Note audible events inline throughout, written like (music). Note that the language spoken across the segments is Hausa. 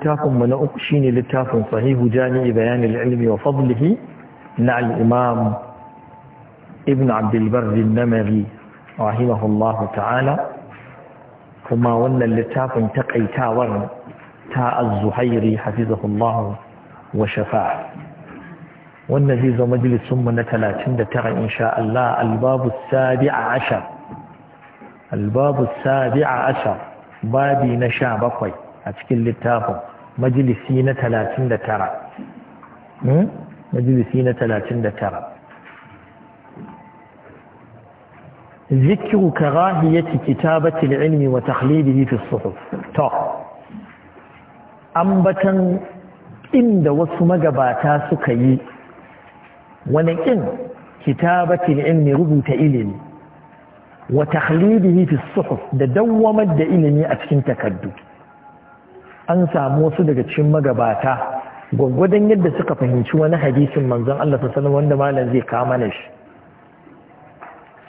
littafin mu na uku shine littafin sahihu jami'i bayanin ilmi wa fadlihi na alimam ibn abd namari rahimahullahu ta'ala kuma wannan littafin takaitawar ta az-zuhairi hafizahullahu wa shafa'a wannan zai zo majalisun mu na tara insha Allah albabu babu sabia 10 albabu sabia 10 babi na sha bakwai. a cikin littafin majalisi na talatin da tara hmm? majalisi na talatin da tara zikiru ka rahiyyaci kitabatil ilmi wa takhlidihi fi suhuf inda wasu magabata suka yi wani ƙin kitabatil ilmi rubuta ilimi wa takhlidihi fi suhuf da dawwamar da ilimi a cikin takardu an samu wasu daga cikin magabata gwaggwadon yadda suka fahimci wani hadisin manzon Allah sallallahu wanda malam zai kama na shi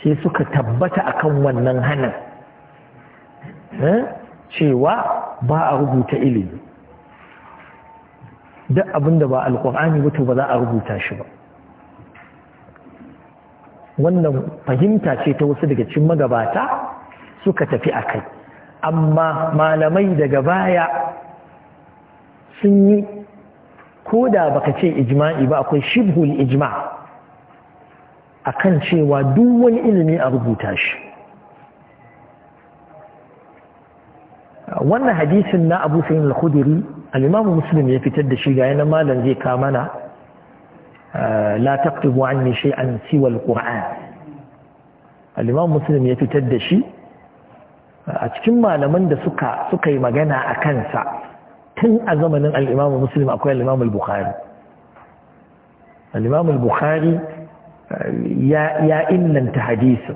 sai suka tabbata akan wannan hanin eh? cewa ba a rubuta ilimi duk abinda ba alkur'ani wato ba za a rubuta shi ba wannan fahimta ce ta wasu daga cikin magabata suka tafi a kai amma malamai daga baya sun yi ko da baka ce ijma'i ba akwai shibhul ijma akan cewa duk wani ilimi a rubuta shi wannan hadisin na abu sayin al-khudiri al-imamu muslim ya fitar da shi ga yana malam zai kama mana, eh, la taqtubu anni an siwa al-qur'an al-imamu muslim ya fitar da shi a cikin malaman da suka suka yi magana a kansa tun a zamanin al'imamu muslim akwai al'imamu bukhari al'imamu bukhari eh, ya illanta hadisin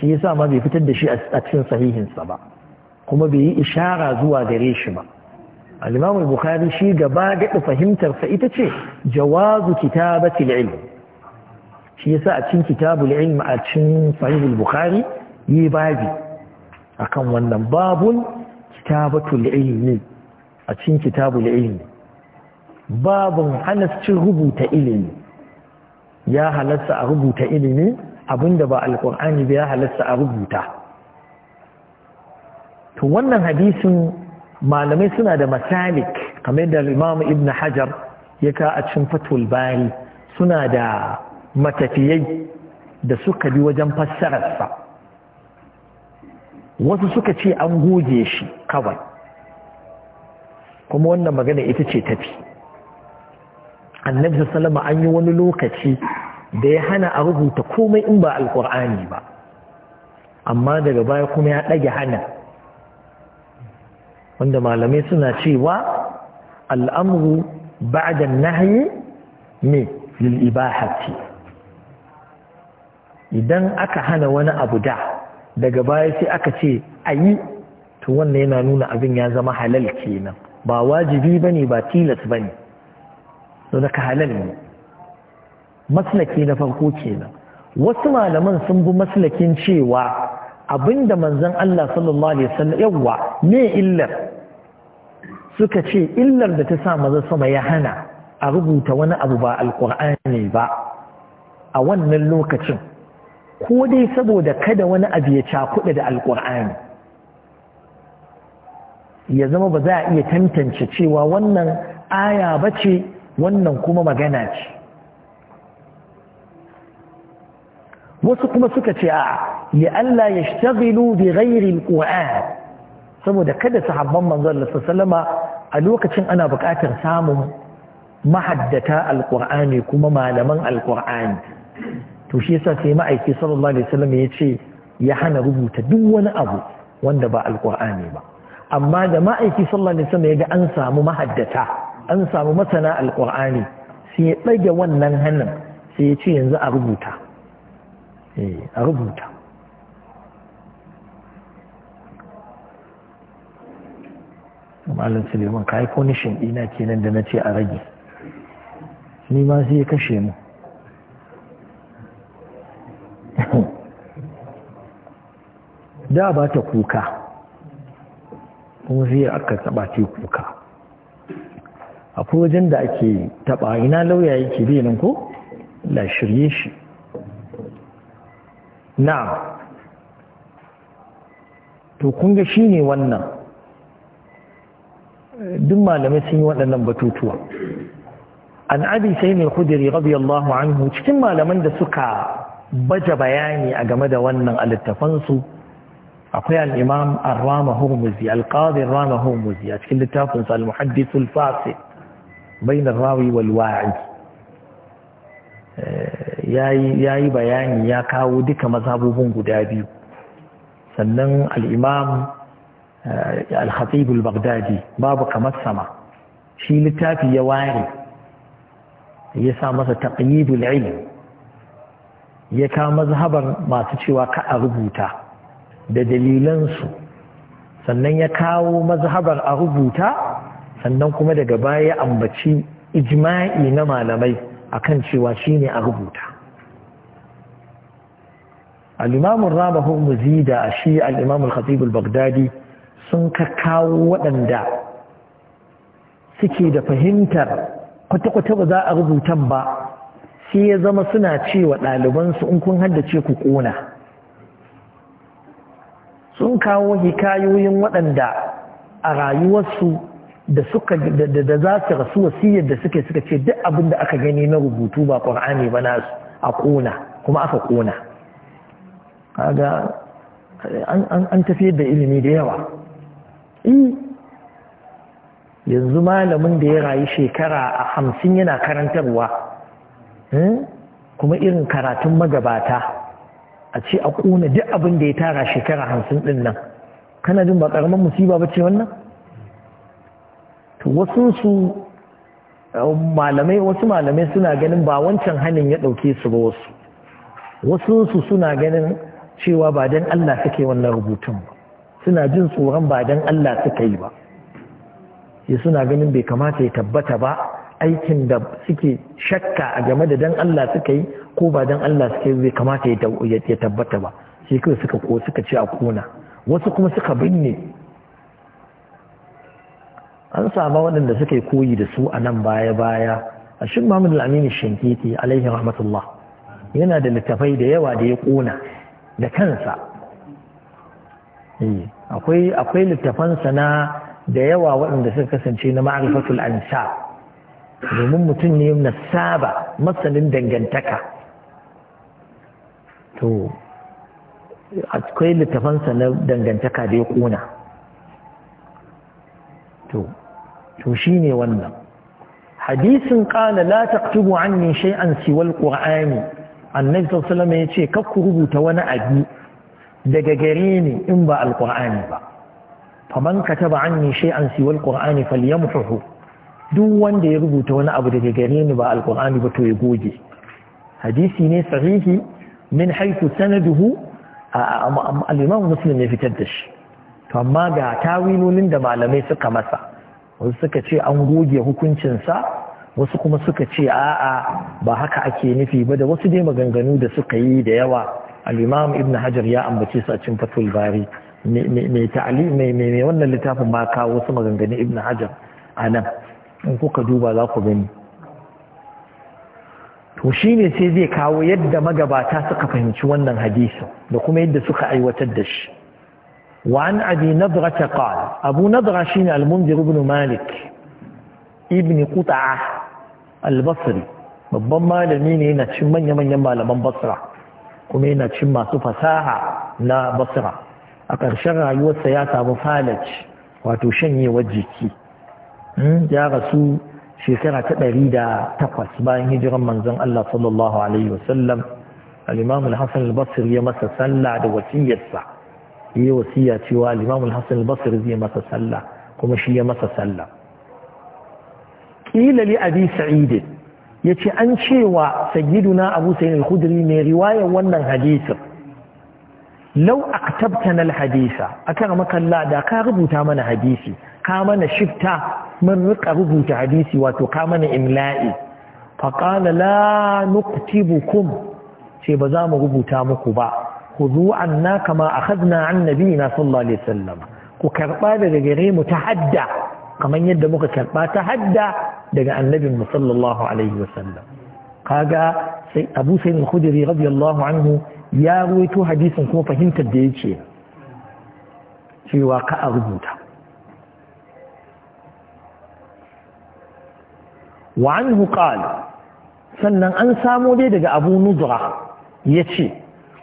shi yasa ma bai fitar da shi a cikin sahihinsa ba kuma bai yi ishara zuwa gare shi ba al'imamu bukhari shi gaba gaɗa fahimtarsa ita ce jawazu kitabatil ilm shi yasa a cikin kitabul ilm a cikin sahihul bukhari yi babi akan wannan babun kitabatul ilmi a cikin kitabul ilimi babun halascin rubuta ilimi ya halasta a rubuta ilimi abinda ba alkur'ani ba ya halasta a rubuta to wannan hadisin malamai suna da masalik kamar da imam ibn hajar ya ka a cikin fatul bari suna da matafiyai da suka bi wajen fassararsa wasu suka ce an goge shi kawai kuma wannan magana ita ce tafi annabi sallama an yi wani lokaci da ya hana a rubuta komai in ba alkur'ani ba amma daga baya kuma ya ɗage hana wanda malamai suna cewa al'amuru ba'da nahyi ne lil ibahati idan aka hana wani abu da daga baya sai aka ce ayi to wannan yana nuna abin ya zama halal kenan ba wajibi ba ne ba tilas ba ne so daga halal ne maslaki na farko kenan wasu malaman sun bi maslakin cewa abinda manzon Allah sallallahu alaihi wasallam yawwa ne illar suka ce illar da ta sa maza sama ya hana a rubuta wani abu ba alkur'ani ba a wannan lokacin ko dai saboda kada wani abu ya cakuɗa da alkur'ani ya zama ba za a iya tantance cewa wannan aya ba ce wannan kuma magana ce wasu kuma suka ce a ya Allah ya shtagilu bi ghairi quran saboda kada sahabban manzon Allah sallama a lokacin ana buƙatar samun mahaddata al kuma malaman al to shi yasa sai ma'aiki sallallahu alaihi wasallam ya ce ya hana rubuta duk wani abu wanda ba al ba amma da ma'aiki sallallahu alaihi wasallam ya ga an samu mahaddata an samu masana alqur'ani sai ya ɗage wannan hannun sai ya ce yanzu a rubuta eh, a rubuta malam suleiman ka yi konishin ɗina kenan da na ce a rage ni ma sai ya kashe mu (laughs) da ba ta kuka kuma sai aka taba ce kuka akwai wajen da ake taba ina lauya yake bai nan ko la shirye shi Na, to kun ga ne wannan duk malamai sun yi waɗannan batutuwa an abi sai mai kudiri radiyallahu anhu cikin malaman da suka baje bayani a game da wannan a su. akwai al'imam arama hurmuzi alƙadin rama hurmuzi a cikin littafinsa al-muhaddisul fasi bain rawi wal wa'i eh, yayi bayani ya kawo duka mazhabobin guda biyu sannan alimam eh, al-khatib baghdadi babu kamar sama shi littafi ya ware ya sa masa taqyidul ilm ya ka mazhabar masu cewa ka a rubuta da dalilansu sannan ya kawo mazhabar a rubuta sannan kuma daga baya ya ambaci ijma'i na malamai akan cewa shine a rubuta al-imamu rabahu a shi al-imamu baghdadi sun ka kawo waɗanda suke da fahimtar kwata-kwata ba za a rubutan ba sai ya zama suna cewa ɗalibansu in kun haddace ku ƙona sun kawo hikayoyin waɗanda a rayuwarsu da suka da za su rasu wasiyar da suke suka ce duk abin da aka gani na rubutu ba ƙwar'ani ba nasu a ƙona kuma aka ƙona kaga an tafiyar da ilimi da yawa yanzu malamin da ya rayu shekara a hamsin yana karantarwa hmm? kuma irin karatun magabata a ce a ƙuna duk abin da ya tara shekara hamsin ɗin nan kana jin ba ƙaramin musiba ba ce wannan wasu su um, malamai wasu malamai suna ganin ba wancan hannun ya ɗauke su ba wasu wasu su suna ganin cewa ba don Allah suke wannan rubutun ba suna jin tsoron ba don Allah suka yi ba ya suna ganin bai kamata ya tabbata ba aikin da suke shakka a game da don Allah suka yi ko ba dan Allah suke zai kamata ya tabbata ba shi kai suka ko suka ce a kona wasu kuma suka binne an sama waɗanda suka yi koyi da su a nan baya-baya a shi Muhammadu Aminu Shinkiti alaihi rahmatullah yana da littafai da yawa da ya ƙona da kansa eh, akwai littafansa na da yawa waɗanda suka kasance na ma'arifatul ansa domin mutum ne na saba masanin dangantaka to akwai littafansa na dangantaka da ya kuna to to shine wannan hadisin ƙala la taktubu anni shay'an siwa alqur'ani annabi sallallahu alaihi yace kar rubuta wani abu daga gare ni in ba alqur'ani ba faman kataba anni shay'an siwa alqur'ani falyamhuhu duk wanda ya rubuta wani abu daga gare ni ba alqur'ani ba to ya goge hadisi ne sahihi min haiku sanaduhu al'imam muslim ya fitar da shi amma ga tawilolin da malamai suka masa wasu suka ce an goge hukuncinsa wasu kuma suka ce a'a ba haka ake nufi ba da wasu dai maganganu da suka yi da yawa al'imam ibn hajar ya ambaci su a cikin fatul bari wannan littafin ma kawo wasu maganganu ibn hajar a nan in kuka duba za ku gani to ne sai zai kawo yadda magabata suka fahimci wannan hadisin da kuma yadda suka aiwatar da shi وعن أبي نضرة قال أبو نضرة شين المنذر بن مالك ابن قطعة البصري babban malami ne yana cin manya-manyan malaman basra kuma yana cin masu fasaha na basra a ƙarshen rayuwarsa ya samu falaj wato shanyewar jiki hmm, ya rasu shekara ta ɗari da takwas bayan hijiran manzon Allah sallallahu alaihi wasallam al-imam al-hasan basri ya masa sallah da wasiyarsa yi wasiya cewa al-imam al zai masa sallah kuma shi ya masa sallah Ƙilali li abi sa'id yace an cewa na abu sa'id al ne mai riwayar wannan hadisin law aktabtana al-hadisa akramaka Allah da ka rubuta mana hadisi kama na shifta mun rika rubuta hadisi wato ka mana imla'i faƙala la nuktibukum ce ba za mu rubuta muku ba ku zu'an na kama a hadna an nabi na sallallahu alaihi wasallam ku karɓa daga gare mu ta hadda kamar yadda muka karɓa ta hadda daga annabin mu sallallahu alaihi wasallam kaga sai abu sayyid al-khudri radiyallahu anhu ya ruwaito hadisin kuma fahimtar da yake cewa ka a rubuta wa anhu qala sannan an samo dai daga Abu Nudra yace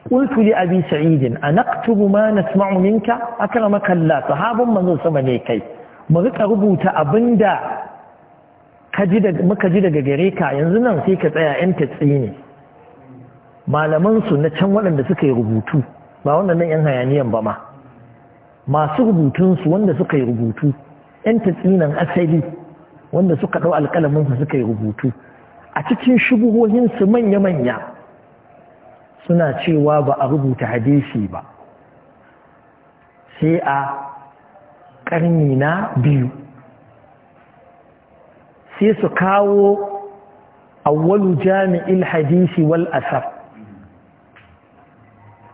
qultu li Abi Sa'id anaktubu ma nasma'u minka akramaka Allah sahabban manzo sama ne kai mu rika rubuta abinda kaji muka ji daga gare ka yanzu nan sai ka tsaya yan tatsi ne malaman su na can waɗanda suka yi rubutu ba wannan yan hayaniyan ba ma masu rubutunsu wanda suka yi rubutu yan tatsinan asali wanda suka ɗau alƙalaminsu suka yi rubutu a cikin shubuhohinsu manya-manya suna cewa ba a rubuta hadisi ba sai a ƙarni na biyu sai su kawo awwalu jami'il hadisi wal asar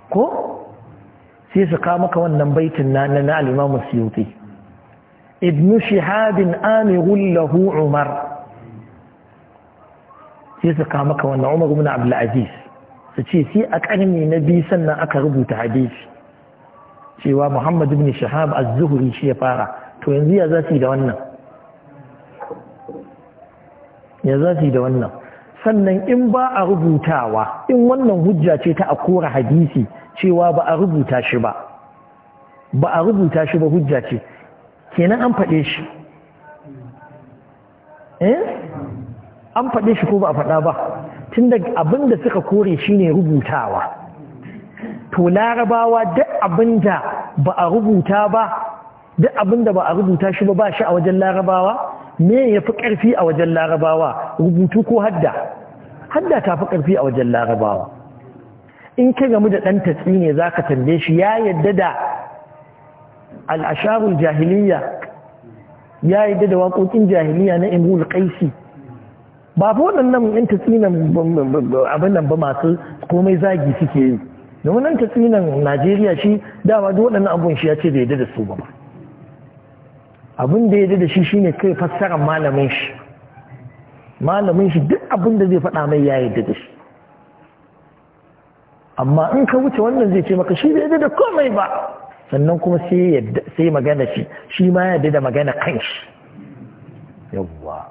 ko sai su kawo maka wannan baitin na na al'imamu siyoti ibn shihabin amirun lahu umar sai su kama maka wannan umar ibn abdulaziz su ce sai a karni na biyu sannan aka rubuta hadisi cewa muhammad ibn shahab az-zuhri shi ya fara to yanzu ya za su yi da wannan ya za su yi da wannan sannan in ba a rubutawa in wannan hujja ce ta a kora hadisi cewa ba a rubuta shi ba ba a rubuta shi ba hujja ce kenan an faɗe shi eh an faɗe shi ko ba a faɗa ba tun da abinda suka kore shi ne rubutawa to larabawa duk abinda ba a rubuta ba duk da ba a rubuta shi ba ba shi a wajen larabawa me ya fi ƙarfi a wajen larabawa rubutu ko hadda hadda ta fi ƙarfi a wajen larabawa in ka gamu da ɗan tatsi ne za ka tambaye shi ya yadda da Al'asharun jahiliya ya yi da waƙoƙin jahiliya na imul kaisi ba fi waɗannan yan tatsinan abin nan ba masu komai zagi suke yi domin nan tatsinan najeriya shi dama da waɗannan abun shi ya ce da ya da su ba abin da ya da shi shine kai fassarar malamin shi malamin shi duk abin da zai faɗa mai ya yi da shi amma in ka wuce wannan zai ce maka shi bai yadda da komai ba sannan kuma sai magana shi shi ma yadda da magana kanshi yawwa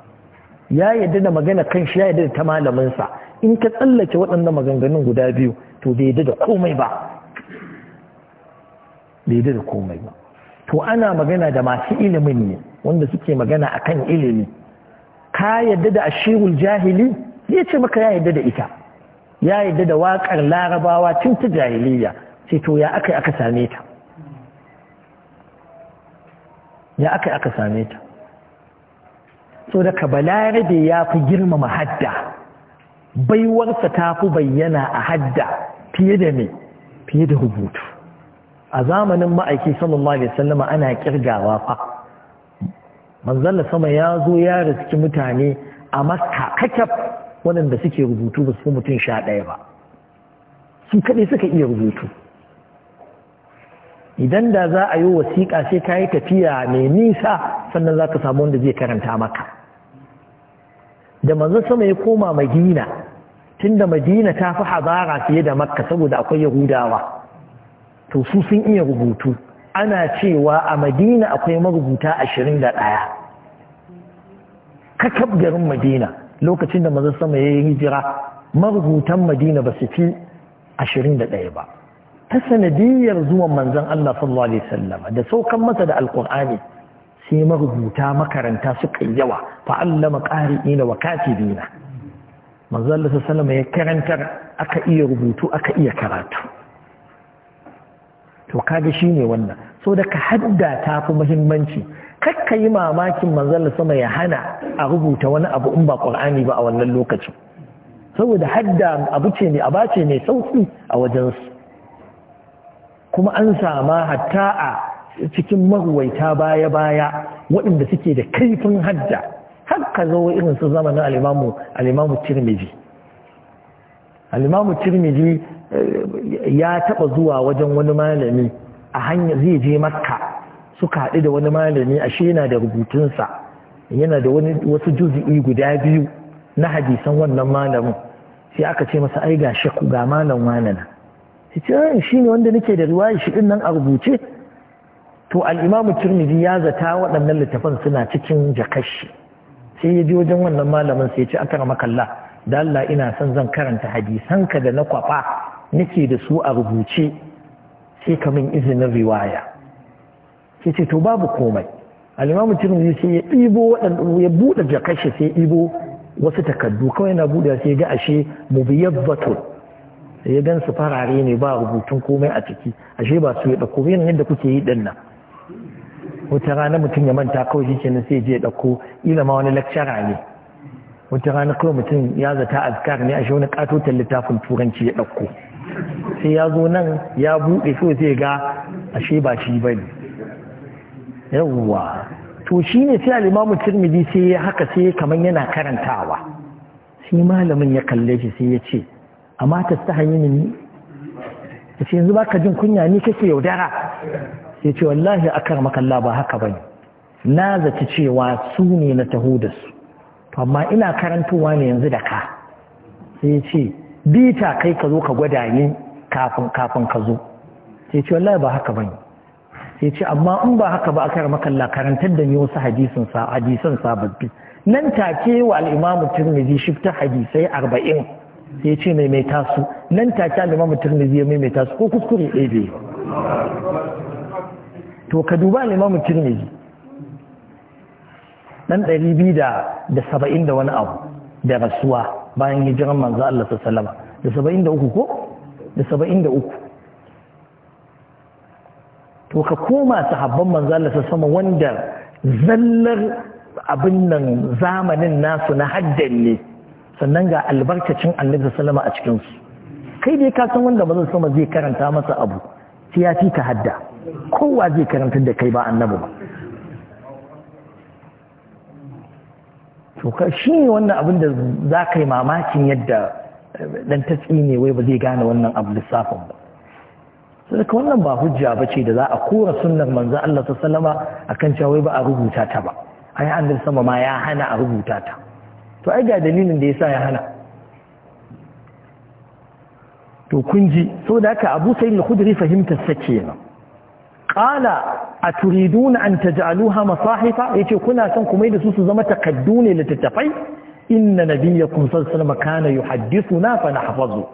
ya yadda da magana kanshi ya yadda da ta malaminsa in ka tsallake waɗanda maganganun guda biyu to bai yadda da komai ba bai yadda da komai ba to ana magana da masu ilimin ne wanda suke magana akan ilimi ka yadda da ashirul jahili ya ce maka ya yadda da ita ya yadda da waƙar larabawa tun ta jahiliya sai to ya aka aka same ta ya aka aka same ta so daga balarabe ya fi girmama hadda baiwarsa ta fi bayyana a hadda fiye da me fiye da rubutu a zamanin ma'aiki sallallahu alaihi wasallama ana kirgawa fa manzalla sama ya zo ya riski mutane a maska kakaf waɗanda suke rubutu ba su mutum sha ɗaya ba su kaɗai suka iya rubutu idan da za a yi wasiƙa sai ka yi tafiya mai nisa sannan za ka samu wanda zai karanta maka da manzon sama ya koma madina tunda madina ta fi hazara fiye da makka saboda akwai yahudawa to su sun iya rubutu ana cewa a madina akwai marubuta ashirin da ɗaya kakab garin madina lokacin da manzon sama ya yi hijira marubutan madina ba su fi ashirin da ɗaya ba ta sanadiyar zuwan manzon Allah sallallahu alaihi wasallam da saukan masa da alqur'ani sai marubuta makaranta suka yi yawa fa allama qari'ina wa katibina manzon Allah sallallahu alaihi wasallam ya karantar aka iya rubutu aka iya karatu to kaga shine wannan so da ka hadda ta fi muhimmanci kakka yi mamakin manzon sama ya hana a rubuta wani abu in ba qur'ani ba a wannan lokacin saboda hadda abu ce ne bace ne sauki a wajensu kuma an sama hatta a cikin maruwaita baya-baya waɗanda suke da kaifin hadda haka zo irin su na alimamu alimamu tirmidhi alimamu tirmidhi eh, ya taɓa zuwa wajen wani malami a hanyar zai je makka suka haɗu da wani malami ashe yana da rubutunsa yana da wasu juzi'i guda biyu na hadisan wannan malamin sai aka ce masa ai ga shakku ga malam wanana ce eh, shi ne wanda nake da riwaya shi din nan a rubuce to al'imamu turmizi ya zata waɗannan littafan suna cikin jakashi sai ya ji wajen wannan malamin sai ya ce aka makalla da Allah ina son zan karanta hadisanka da na kwafa nake da su a rubuce sai ka min izinin riwaya sai ce to babu komai al'imamu turmizi sai ya ɗibo waɗanda ya buɗe jakashi sai ya ɗibo wasu takardu kawai na buɗe sai ya ga ashe batun. ya gan su farare ne ba rubutun komai a ciki ashe ba su ya dauko ba yanayin da kuke yi ɗin nan wata rana mutum ya manta kawai shi kenan sai je ya ɗauko ila ma wani lakcara ne wata rana kawai mutum ya zata azkar ne ashe wani katotar littafin turanci ya ɗauko sai ya zo nan ya buɗe so zai ga ashe ba shi ba ne yawwa to shi ne sai alimamu turmidi sai ya haka sai kamar yana karantawa sai malamin ya kalle shi sai ya ce amma ta ta hanyar ne ya ce yanzu ba ka jin kunya ni kake yaudara ya ce wallahi a kar makalla ba haka ba ne na zaci cewa su ne na taho da su amma ina karantowa ne yanzu da ka sai ya ce bita kai ka zo ka gwada ni kafin kafin ka zo sai ce wallahi ba haka bane sai ce amma in ba haka ba a kar makalla karantar da ni wasu hadisin sa hadisan sababbi nan take wa al turmi Tirmidhi shifta hadisai 40 sai ya ce maimaita su nan ta take al-imam tirmidhi ya maimaita su ko kuskure ɗaya bai to ka duba al zai ɗan ɗari biyu da saba'in da wani abu da rasuwa bayan jiran manzo Allah salama da saba'in da uku ko da saba'in da uku to ka koma sahabban manzo Allah su sama wanda zallar abin nan zamanin nasu na haddan ne sannan ga albarkacin annabi sallama a cikinsu kai dai ka san wanda mazan sama zai karanta masa abu sai ya fi ka hadda kowa zai karanta da kai ba annabi ba to shi ne wannan abin da za ka yi mamakin yadda eh, dan tatsi ne wai ba zai gane wannan abu lissafin ba sai da wannan ba hujja ba ce da za a kora sunnar manzo Allah ta akan a cewa wai ba a rubuta ta ba ai an sama ma ya hana a rubuta ta to ai ga dalilin da ya sa ya hana to kun ji so da haka Abu Sa'id al-Khudri fahimtar sa Ƙala a turiduna an taj'aluha masahifa yace kuna son ku da su su zama takaddu ne littattafai inna nabiyyakum sallallahu alaihi wasallam kana na fa nahfazu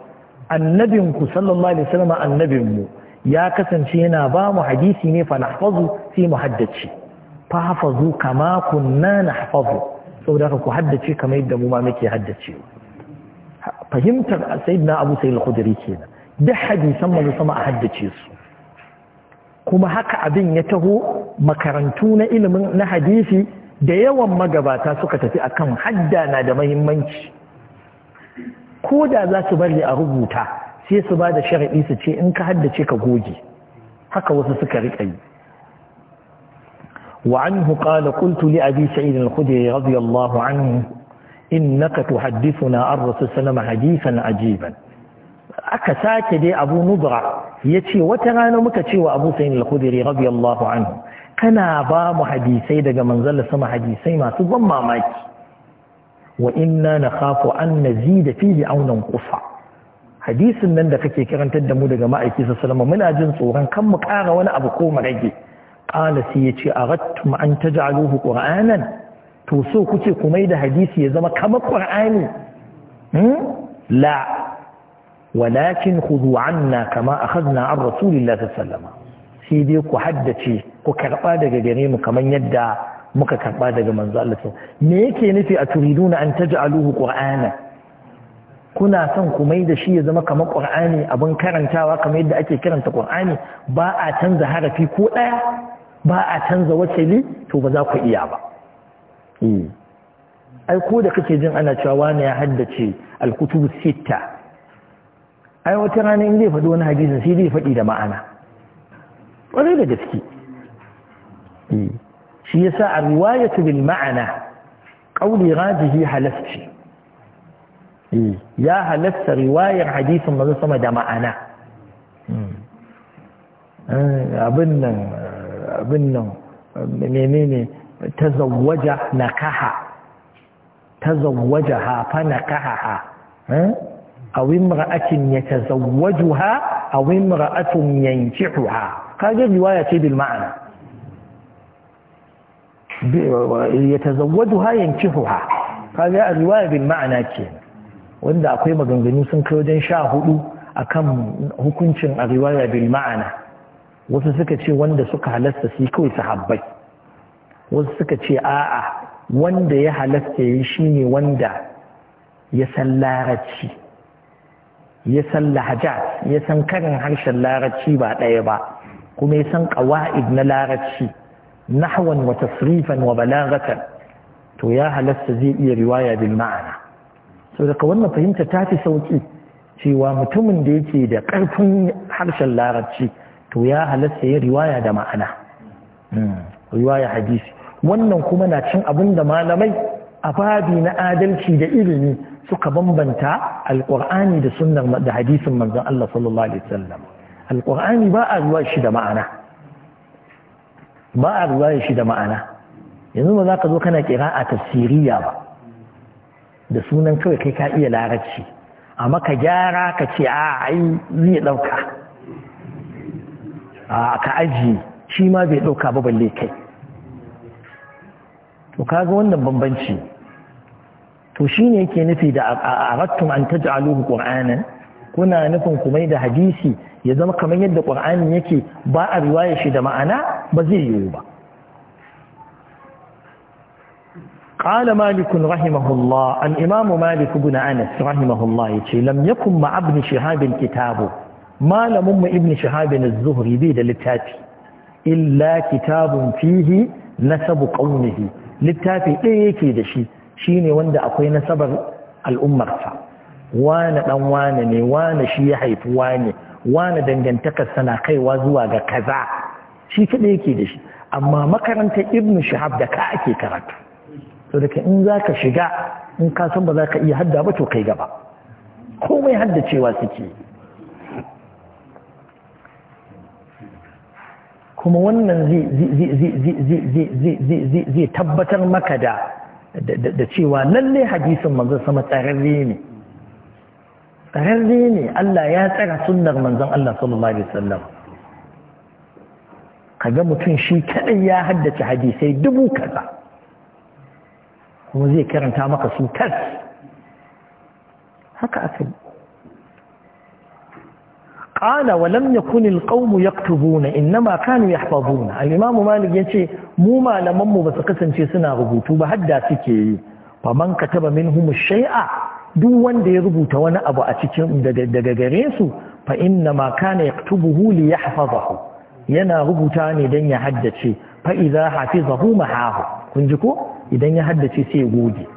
annabinku sallallahu alaihi wasallam annabinmu ya kasance yana ba mu hadisi ne fa hafazu sai mu haddace fa hafazu kama kunna nahfazu saboda haka ku haddace kamar yadda mu ma muke haddace fahimtar sayyidina Abu Sayyid al-Khudri kenan duk hadisan manzo sama a haddace su kuma haka abin ya taho makarantu na ilimin na hadisi da yawan magabata suka tafi akan hadda na da mahimmanci ko da za su bari a rubuta sai su ba da sharaɗi su ce in ka haddace ka goge haka wasu suka riƙa yi وعنه قال قلت لأبي سعيد الخدري رضي الله عنه إنك تحدثنا عن رسول الله عليه حديثا عجيبا aka sake dai abu nubra yace wata rana muka ce wa abu sayin al-khudiri radiyallahu anhu kana ba mu hadisai daga manzala sama hadisai masu ban mamaki wa inna na khafu an nazida fihi aunan kufa hadisin nan da kake karantar da mu daga ma'aiki sallallahu muna jin tsoron kan mu kara wani abu ko mu rage ƙala sai ya ce a rattum an ta ja'aluhu ƙur'anan to so kuke ku mai da hadisi ya zama kamar ƙur'ani hmm? la walakin khudhu anna kama akhadna an rasulillahi sallallahu sai dai ku haddace ku karɓa daga gare mu kamar yadda muka karɓa daga manzo Allah me yake nufi a turiduna an taj'aluhu qur'ana kuna son ku mai da shi ya zama kamar qur'ani abin karantawa kamar yadda ake karanta ƙur'ani ba a canza harafi ko ɗaya? ba a canza wakili to ba za ku iya ba hmm. ai ko da kake jin ana cewa wani ya haddace alkutubu sita ai wata rana in zai faɗi wani hadisin sai zai faɗi da ma'ana ƙwarai da gaske hmm. shi ya sa a riwayatu bil ma'ana ƙauli rajihi halasci hmm. ya halasta riwayar hadisin mazu sama da ma'ana abin nan abin nan menene kaha ta zawaja ha fa kaha ha A eh? aw imra'atin yatazawwajuha aw imra'atun Ka kaga riwaya ce bil ma'ana Ka yankihuha a riwaya bil ma'ana ce wanda akwai maganganu sun kai wajen sha hudu akan hukuncin a riwaya bil ma'ana wasu suka ce wanda suka halasta su kawai sahabbai wasu suka ce a'a wanda ya halasta yi shine wanda ya san larabci ya san lahajat ya san karin harshen larabci ba ɗaya ba kuma ya san ƙawa'id na larabci nahwan wa tasrifan wa balaghatan to ya halasta zai iya riwaya bil ma'ana so daga wannan fahimta ta fi sauki cewa mutumin da yake da ƙarfin harshen larabci to ya halatta ya riwaya da ma'ana hmm. riwaya hadisi wannan kuma na cin abin da malamai a babi na adalci da ilimi suka bambanta alƙur'ani da sunnar da hadisin manzon Allah sallallahu alaihi wasallam alƙur'ani ba a riwaya shi da ma'ana ba a riwaya shi da ma'ana yanzu ba za ka zo kana ƙira'a tafsiriya ba da sunan kawai kai ka iya larabci amma ka gyara ka ce a ai zai ɗauka A'a ka aji shi ma bai ɗauka ba balle kai to kaga wannan bambanci to shine yake nufi da arattum an taj'aluhu qur'anan kuna nufin kumai da hadisi ya zama kamar yadda qur'ani yake ba a riwaya shi da ma'ana ba zai yiwu ba قال مالك رحمه الله الإمام مالك بن أنس رحمه الله يقول لم يكن مع ابن شهاب الكتاب malamin mu ibn shahab az-zuhri bai da littafi illa kitabun fihi nasabu kaunihi littafi ɗaya yake da shi shine wanda akwai nasabar al'ummarsa wane dan wane ne wane shi ya haifi wane wane dangantakar sana kaiwa zuwa ga kaza shi kaɗai yake da shi amma makarantar ibn shahab da ka ake karatu to da in za ka shiga in ka san ba za ka iya hadda ba to kai gaba komai haddacewa suke kuma wannan zai tabbatar maka da cewa lalle hadisin manzon sama tsararre ne tsararre ne Allah ya tsara sunnar manzon Allah sallallahu alaihi wasallam kaga mutum shi kadai ya haddace hadisai dubu kaza kuma zai karanta maka su kas. haka aka qala wa lam kaumu al qawm yaktubuna inma kanu yahfazuna al imam malik yace mu malaman mu ba su kasance suna rubutu ba hadda suke yi fa man kataba minhum shay'a duk wanda ya rubuta wani abu a cikin daga gare su fa inma kana yaktubuhu li yahfazahu yana rubuta ne dan ya haddace fa idza hafizahu mahahu kun ji ko idan ya haddace sai gode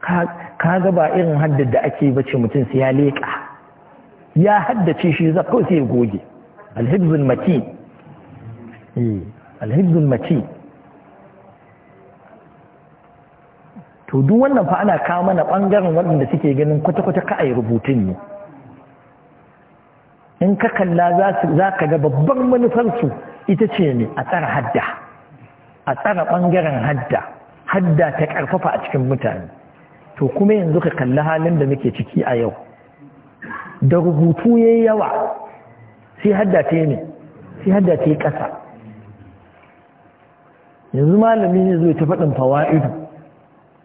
ka ga ba irin haddar da ake ce mutum sai ya leƙa. ya haddace shi za kawai sai ya goge alhibzul mati eh, alhibzul mati to duk wannan fa ana kawo mana ɓangaren waɗanda suke ganin kwata-kwata ka a yi rubutun ne in ka kalla za ka ga babban su ita ce ne a tsara hadda a tsara ɓangaren hadda hadda ta karfafa a cikin mutane to kuma yanzu ka kalla halin da muke ciki a yau da rubutu ya yi yawa sai haddace ne sai haddace ƙasa yanzu malami ne zai ta faɗin fawa'idu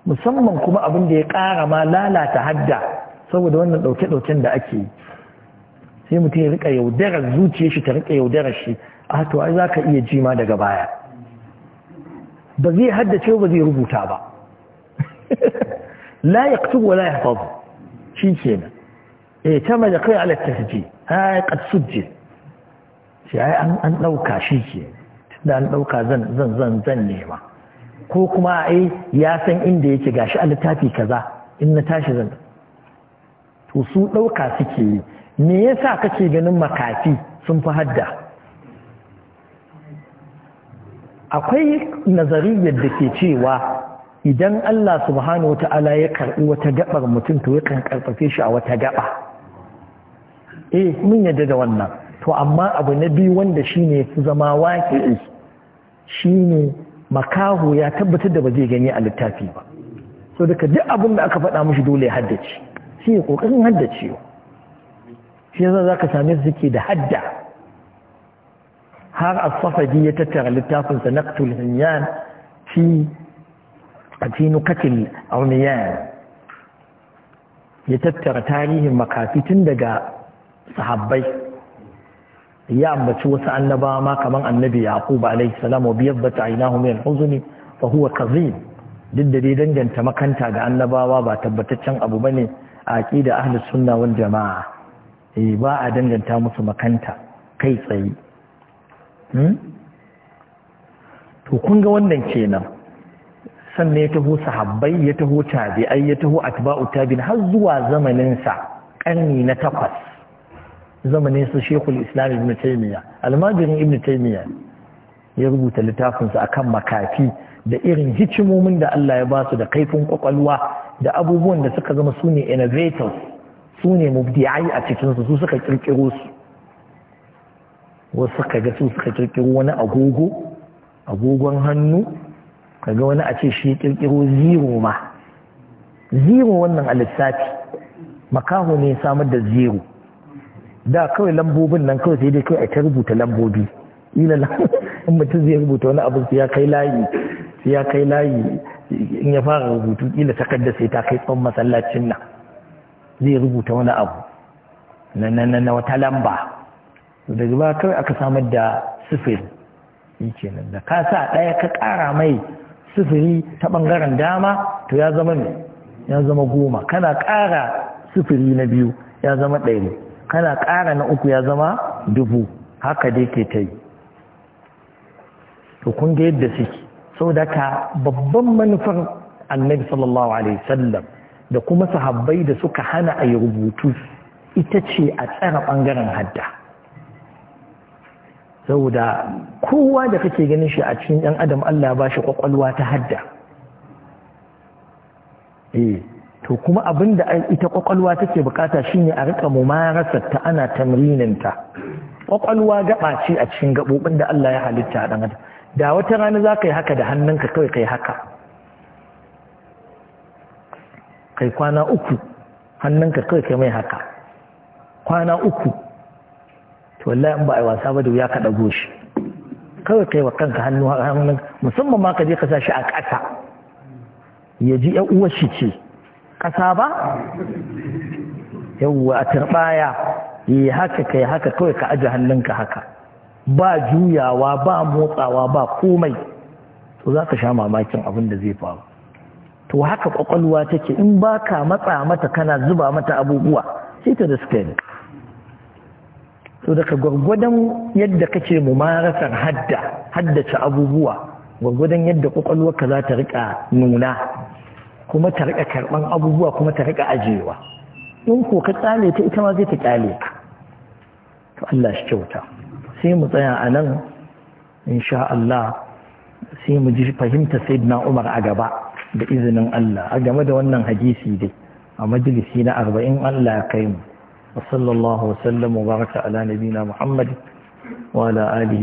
musamman kuma abin da ya ƙara ma lalata hadda saboda wannan ɗauke-ɗauken da ake yi sai mutum ya riƙa yaudarar zuciya shi ta riƙa yaudarar shi a to za ka iya ji ma daga baya ba zai haddace ba zai rubuta ba (laughs) la ya wa la ya shi kenan اعتمد قوي على التسجيل هاي قد سجل شيء an ɗauka shi ke da an ɗauka zan zan zan zan nema ko kuma ai ya san inda yake gashi a littafi kaza in na tashi zan to su ɗauka suke yi me yasa kake ganin makafi sun fi hadda akwai nazariyar da ke cewa idan Allah subhanahu wa ta'ala ya karɓi wata gaɓar mutum to ya kan karfafe shi a wata gaɓa eh mun yadda da wannan to amma abu na biyu wanda shine su zama waƙi shine makaho ya tabbatar da ba zai gani a littafi ba so daga duk abin da aka faɗa mashi dole ya haddace shi ya ƙoƙarin haddace shi yanzu za ka same su suke da hadda har a asfafadi ya tattara littafinsa na hinyan fi fi nukatil auniyan ya tattara tarihin makafi tun daga sahabbai ya ambaci wasu annabawa ma kaman annabi yaqub alaihi salam wa biyabbat ta'inahu min huzni fa huwa kadhib duk da dai danganta makanta ga annabawa ba tabbataccen abu bane a aqida ahli sunna wal jamaa eh ba a danganta musu makanta kai tsaye hmm? to kun ga wannan kenan sannan ya taho sahabbai ya taho tabi'ai ya taho atba'u tabi'in har zuwa zamanin sa ƙarni na takwas zamanin su shekul islam ibn taimiyya almajirin ibn taimiyya ya rubuta littafinsa kan makafi da irin hikimomin da Allah ya ba su da kaifin kwakwalwa da abubuwan da suka zama su ne innovators su ne mubdi'ai a cikinsu su suka kirkiro su wasu ka ga su suka kirkiro wani agogo agogon hannu ka ga wani a ce shi kirkiro zero ma zero wannan a lissafi makaho ne samar da zero da kawai lambobin nan kawai sai dai kawai a rubuta lambobi ila (laughs) in mutum zai rubuta wani abu sai ya kai layi ya kai layi in ya fara rubutu kila takarda sai ta kai tsawon masallacin nan zai rubuta wani abu na na na wata lamba daga ba kawai aka samar da sifiri yake nan da ka sa ɗaya ka ƙara mai sifiri ta ɓangaren dama to ya zama ne ya zama goma kana ƙara sifiri na biyu ya zama ɗaya ne. kana ƙara na uku ya zama dubu haka dai ke ta yi to kun ga yadda suke saboda ka babban manufar annabi sallallahu alaihi wasallam da kuma sahabbai da suka hana a yi rubutu ita ce a tsara ɓangaren hadda saboda kowa da kake ganin shi a cikin ɗan adam Allah ba shi ƙwaƙwalwa ta hadda eh to kuma abin da ita kwakwalwa take bukata shine a rika mumarasar ta ana tamrininta kwakwalwa gaba ce a cikin gabobin da Allah ya halitta a dan da wata rana za ka yi haka da hannunka kawai kai haka kai kwana uku hannunka kawai kai mai haka kwana uku to wallahi in ba a yi wasa ba da wuya ka dago shi kawai kai wa kanka hannu musamman ma ka je ka sa shi a ƙasa ya ji ƴan uwar shi ce ƙasa ba yawwa a turɓaya yi eh, haka kai haka kawai ka aji hannunka haka ba juyawa ba motsawa ba komai to za ka sha mamakin abin da zai faru to haka kwakwalwa take in ba ka matsa mata kana zuba mata abubuwa sai ta da suka ne to daga gwargwadon yadda kake mumarasar hadda haddace abubuwa gwargwadon yadda kwakwalwarka za ta riƙa nuna kuma ta riƙa karɓan abubuwa kuma ta riƙa ajiyewa in ko ka tsale ta ita ma zai ta tsale ka to Allah shi kyauta sai mu tsaya a nan insha Allah sai mu ji fahimta sayyidina Umar a gaba da izinin Allah a game da wannan hadisi dai a majalisi na arba'in Allah ya kai mu wa sallallahu wa sallam wa baraka ala nabina Muhammad wa ala alihi